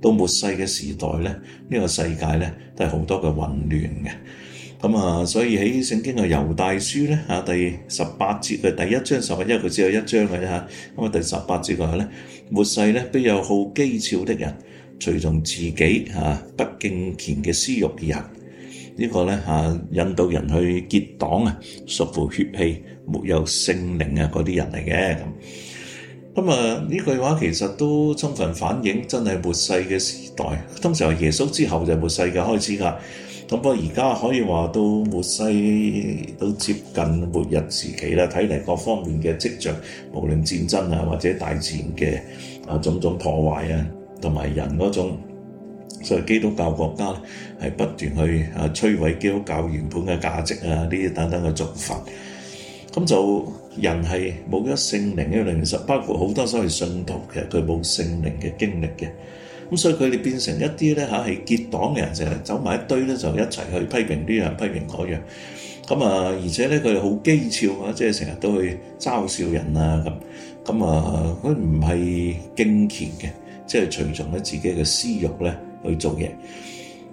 到末世嘅時代咧，呢、這個世界咧都係好多嘅混亂嘅。咁啊，所以喺聖經嘅猶大書咧嚇第十八節嘅第一章上面，因為佢只有一章嘅啫嚇。咁啊，第十八節嘅話咧，末世咧必有好譏誚的人，隨從自己嚇、啊、不敬虔嘅私欲慾人。這個、呢個咧嚇引導人去結黨啊，屬乎血氣，沒有聖靈啊嗰啲人嚟嘅。咁啊！呢句話其實都充分反映真係末世嘅時代。通常耶穌之後就末世嘅開始㗎。咁不過而家可以話到末世，都接近末日時期啦。睇嚟各方面嘅跡象，無論戰爭啊，或者大自然嘅啊種種破壞啊，同埋人嗰種所謂基督教國家係不斷去啊摧毀基督教原本嘅價值啊，呢啲等等嘅做法。咁就人係冇咗聖靈嘅靈實，包括好多所謂信徒，其實佢冇聖靈嘅經歷嘅。咁所以佢哋變成一啲咧嚇係結黨嘅人，成日走埋一堆咧就一齊去批評呢樣批評嗰樣。咁啊，而且咧佢哋好譏誚啊，即係成日都去嘲笑人啊咁。咁啊，佢唔係敬虔嘅，即係隨從咧自己嘅私慾咧去做嘢。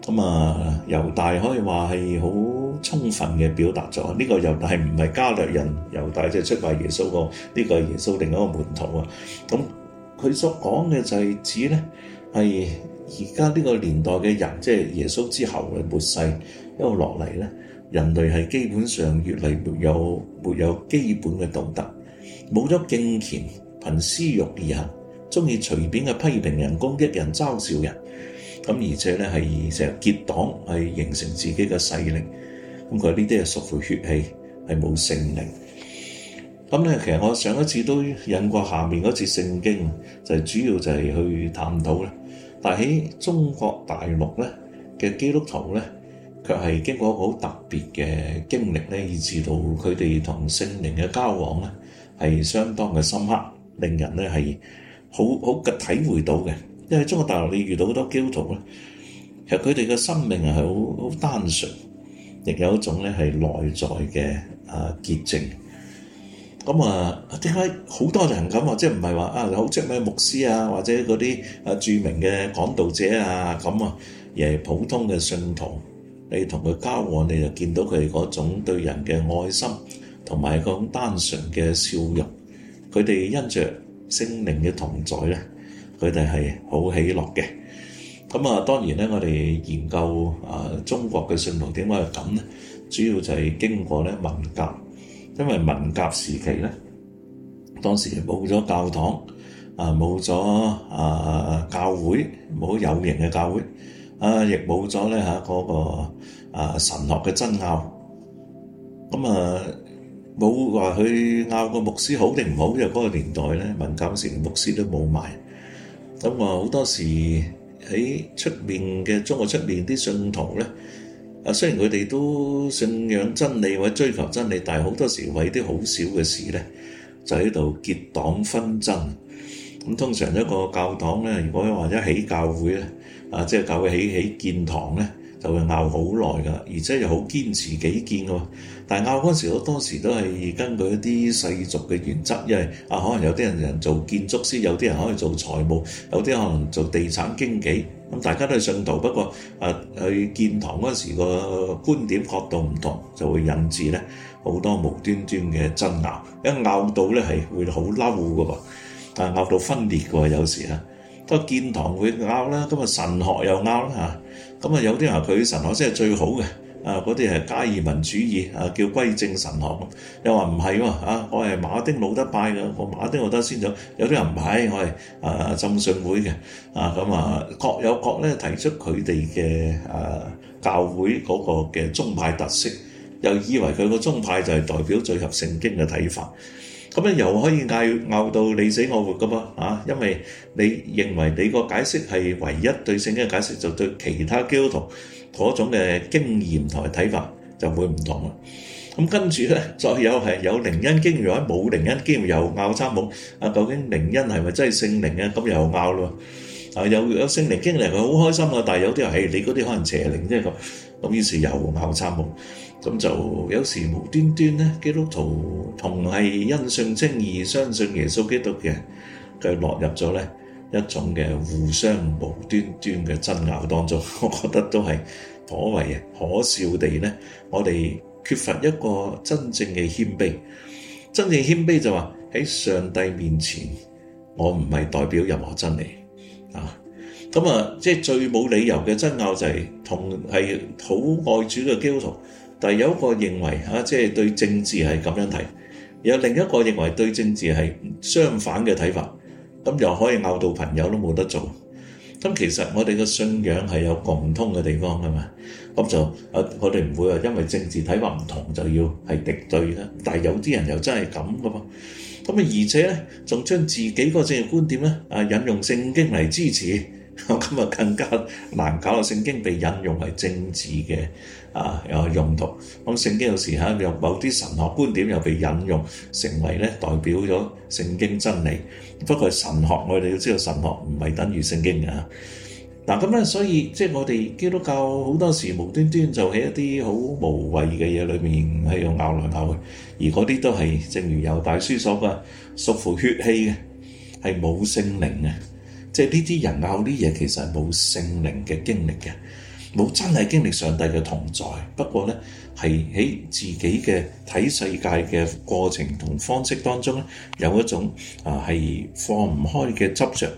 咁啊，猶大可以話係好。充分嘅表達咗呢、這個猶大唔係加略人，猶大即係出賣耶穌、這個呢個耶穌另一個門徒啊！咁、嗯、佢所講嘅就係指呢，係而家呢個年代嘅人，即係耶穌之後嘅末世一路落嚟呢，人類係基本上越嚟越有沒有基本嘅道德，冇咗敬虔，憑私欲而行，中意隨便嘅批評人攻擊人嘲笑人，咁、嗯、而且呢，係成日結黨，係形成自己嘅勢力。咁佢呢啲係屬於血氣，係冇聖靈。咁、嗯、咧，其實我上一次都引過下面嗰節聖經，就係、主要就係去探討。但喺中國大陸咧嘅基督徒咧，卻係經過一個好特別嘅經歷咧，以致到佢哋同聖靈嘅交往咧係相當嘅深刻，令人咧係好好嘅體會到嘅。因為中國大陸你遇到好多基督徒咧，其實佢哋嘅生命係好好單純。亦有一種咧係內在嘅啊潔淨，咁啊點解好多人咁啊？即係唔係話啊好即係咩牧師啊，或者嗰啲啊著名嘅講道者啊咁啊，而係普通嘅信徒，你同佢交往，你就見到佢嗰種對人嘅愛心，同埋嗰種單純嘅笑容。佢哋因着聖靈嘅同在咧，佢哋係好喜樂嘅。咁啊，當然咧，我哋研究啊，中國嘅信徒點解係咁咧？主要就係經過咧文革，因為文革時期咧，當時冇咗教堂啊，冇咗啊教會，冇有形嘅教會啊，亦冇咗咧嚇嗰個啊神學嘅爭拗。咁啊，冇話佢拗個牧師好定唔好，因為嗰個年代咧，文革時連牧師都冇埋。咁啊，好多時。喺出面嘅中國出面啲信徒呢，啊雖然佢哋都信仰真理或者追求真理，但係好多時為啲好小嘅事呢，就喺度結黨紛爭。咁通常一個教堂呢，如果話一起教會呢，啊即係教會起起建堂呢。就會拗好耐㗎，而且又好堅持己見㗎。但係拗嗰時，我當時都係根據一啲世俗嘅原則，因為啊，可能有啲人做建築師，有啲人可以做財務，有啲可能做地產經紀。咁、嗯、大家都係信徒，不過啊，去建堂嗰時個觀點角度唔同，就會引致咧好多無端端嘅爭拗。一拗到咧係會好嬲㗎喎，但係拗到分裂㗎，有時啊～都建堂會拗啦，咁啊神學又拗啦嚇，咁啊有啲人話佢神學先係最好嘅，啊嗰啲係加爾文主義啊叫歸正神學，又話唔係喎，我係馬丁路德派嘅，我馬丁路德先走，有啲人唔係，我係啊浸信會嘅，啊咁啊各有各咧提出佢哋嘅啊教會嗰個嘅宗派特色，又以為佢個宗派就係代表最合聖經嘅睇法。咁咧又可以嗌拗到你死我活噶噃啊！因為你認為你個解釋係唯一對聖經嘅解釋，就對其他基督徒嗰種嘅經驗同埋睇法就會唔同啦。咁、嗯、跟住咧，再有係有靈恩經驗，或者冇靈恩經驗又拗差冇。啊？究竟靈恩係咪真係聖靈啊？咁又拗咯啊！有有聖靈經歷，佢好開心啊！但係有啲人誒，你嗰啲可能邪靈啫咁，咁於是又拗差冇。咁就有時無端端咧，基督徒同係因信稱義相信耶穌基督嘅，佢落入咗咧一種嘅互相無端端嘅爭拗當中。我覺得都係頗為可笑地咧。我哋缺乏一個真正嘅謙卑，真正謙卑就話喺上帝面前，我唔係代表任何真理啊。咁啊，即係最冇理由嘅爭拗就係同係好愛主嘅基督徒。但有一個認為嚇，即、啊、係、就是、對政治係咁樣睇；有另一個認為對政治係相反嘅睇法，咁、嗯、又可以拗到朋友都冇得做。咁、嗯、其實我哋嘅信仰係有共通嘅地方㗎嘛，咁就啊我哋唔會話因為政治睇法唔同就要係敵對啦。但係有啲人又真係咁嘅噃，咁、嗯、啊而且咧仲將自己嗰個嘅政治觀點咧啊引用聖經嚟支持。咁啊，更加難搞到聖經被引用為政治嘅啊，有用途。咁、啊、聖經有時候有、啊、某啲神學觀點又被引用，成為咧代表咗聖經真理。不過神學我哋都知道，神學唔係等於聖經嘅。嗱咁咧，所以即係我哋基督教好多時無端端就喺一啲好無謂嘅嘢裏面喺度拗來拗去，而嗰啲都係正如猶大書所講，屬乎血氣嘅，係冇聖靈嘅。即係呢啲人拗啲嘢，其實係冇聖靈嘅經歷嘅，冇真係經歷上帝嘅同在。不過呢，係喺自己嘅睇世界嘅過程同方式當中，有一種啊係放唔開嘅執着，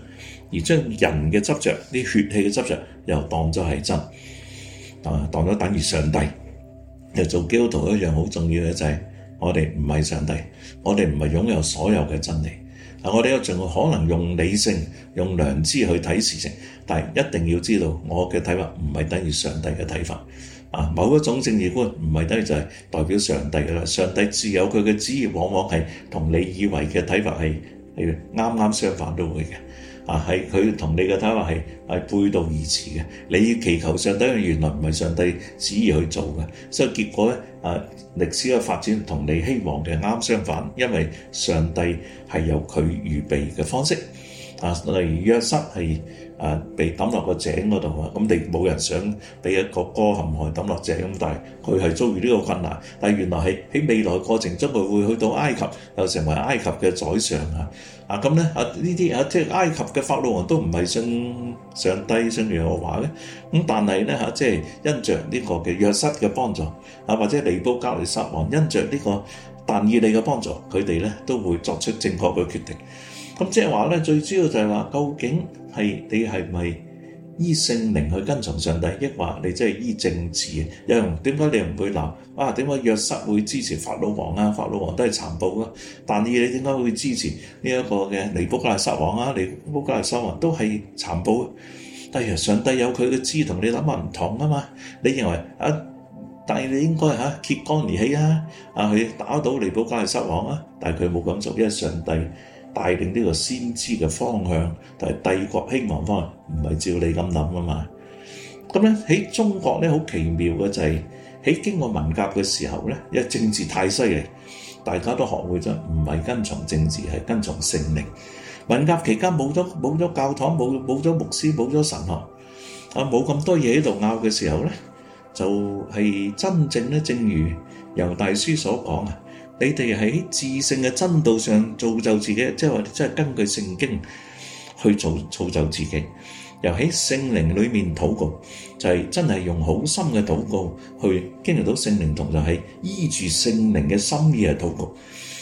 而將人嘅執着、啲血氣嘅執着又當咗係真，啊，當咗等於上帝。做基督徒一樣好重要嘅就係，我哋唔係上帝，我哋唔係擁有所有嘅真理。啊，我哋有儘可能用理性、用良知去睇事情，但一定要知道，我嘅睇法唔係等於上帝嘅睇法。啊，某一種政治觀唔係等於就係代表上帝嘅啦，上帝自有佢嘅旨意，往往係同你以為嘅睇法係係啱啱相反都會嘅。啊，係佢同你嘅睇法係係背道而馳嘅。你祈求上帝，原來唔係上帝旨意去做嘅，所以結果咧，啊歷史嘅發展同你希望嘅啱相反，因為上帝係有佢預備嘅方式。啊，例如約瑟係啊被抌落個井嗰度啊，咁你冇人想俾一個哥陷害抌落井咁，但係佢係遭遇呢個困難，但係原來係喺未來過程中佢會去到埃及，又成為埃及嘅宰相啊！啊咁咧啊呢啲啊即係埃及嘅法老王都唔係信上帝，信耶和華咧，咁但係咧嚇即係因着呢個嘅約瑟嘅幫助啊，或者尼布加利沙王因着呢個但以利嘅幫助，佢哋咧都會作出正確嘅決定。咁即係話咧，最主要就係話，究竟係你係咪依聖靈去跟從上帝，亦或你即係依政治？有人點解你唔會鬧啊？點解約塞會支持法老王啊？法老王都係殘暴噶，但係你點解會支持呢一個嘅尼布加利沙王啊？尼布加利沙王都係殘暴。但係上帝有佢嘅知同你諗法唔同啊嘛？你認為啊，但係你應該嚇揭竿而起啊？啊，去打倒尼布加利沙王啊？但係佢冇咁做，因為上帝。帶領呢個先知嘅方向，但係帝國興亡方向唔係照你咁諗噶嘛？咁咧喺中國咧，好奇妙嘅就係、是、喺經過文革嘅時候呢，因為政治太犀利，大家都學會咗唔係跟從政治，係跟從聖靈。文革期間冇咗教堂，冇冇咗牧師，冇咗神學，啊冇咁多嘢，喺度拗嘅時候呢，就係、是、真正，正如由大師所講你哋喺至聖嘅真道上造就自己，即係話，真係根據聖經去做造就自己。又喺聖靈裏面禱告，就係、是、真係用好深嘅禱告去經歷到聖靈。同，就係依住聖靈嘅心意嚟禱告。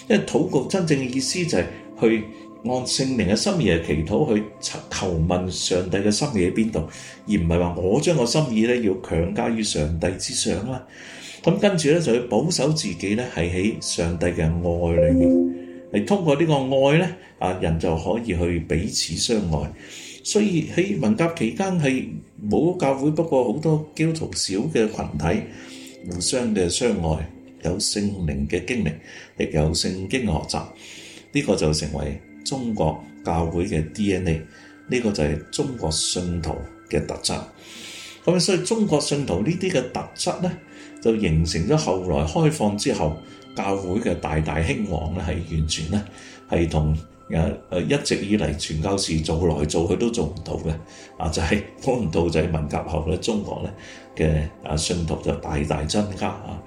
因為禱告真正嘅意思就係去按聖靈嘅心意嚟祈禱，去求問上帝嘅心意喺邊度，而唔係話，我將個心意咧要強加於上帝之上啦。咁跟住咧，就要保守自己咧，係喺上帝嘅愛裏面，係通過呢個愛咧，啊人就可以去彼此相愛。所以喺文革期間係冇教會，不過好多基督徒少嘅羣體互相嘅相愛，有聖靈嘅經歷，亦有聖經嘅學習，呢個就成為中國教會嘅 DNA，呢個就係中國信徒嘅特質。咁所以中國信徒呢啲嘅特質咧。就形成咗後來開放之後，教會嘅大大興旺咧，係完全咧係同誒誒一直以嚟傳教士做來做去都做唔到嘅，啊就係、是、幫唔到就係文革後咧中國咧嘅啊信徒就大大增加啊，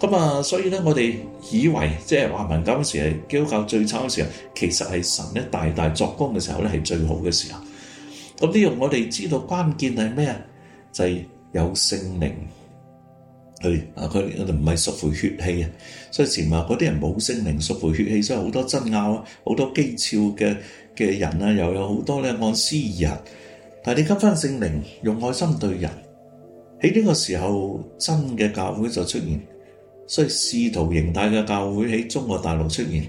咁啊所以咧我哋以為即係話文革嗰時係基督教最差嘅時候，其實係神咧大大作功嘅時候咧係最好嘅時候，咁呢樣我哋、就是啊、知道關鍵係咩啊？就係、是、有聖靈。佢哋啊，佢哋唔係屬乎血氣啊，所以前話嗰啲人冇聖靈，屬乎血氣，所以好多爭拗，好多譏誚嘅嘅人啊，又有好多咧按私意人。但係你給翻聖靈，用愛心對人，喺呢個時候真嘅教會就出現。所以使徒形態嘅教會喺中國大陸出現，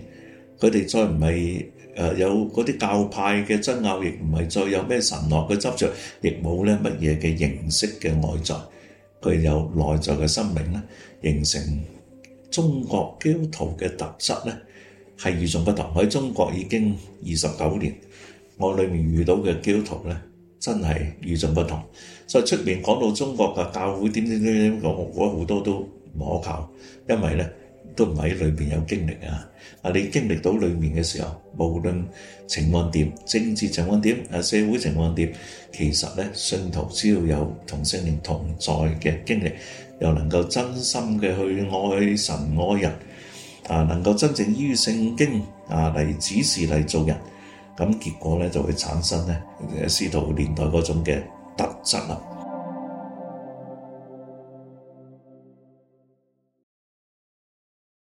佢哋再唔係誒有嗰啲教派嘅爭拗，亦唔係再有咩神學嘅執着，亦冇咧乜嘢嘅形式嘅外在。具有內在嘅生命咧，形成中國基督徒嘅特色咧，係與眾不同。我喺中國已經二十九年，我裏面遇到嘅基督徒咧，真係與眾不同。所以出面講到中國嘅教會點點點講，我覺得好多都唔可靠，因為咧。都唔喺裏面有經歷啊！啊，你經歷到裏面嘅時候，無論情況點、政治情況點、社會情況點，其實呢信徒只要有同聖靈同在嘅經歷，又能夠真心嘅去愛神愛人，啊，能夠真正依聖經啊嚟指示嚟做人，咁結果呢就會產生呢使徒年代嗰種嘅特質咯。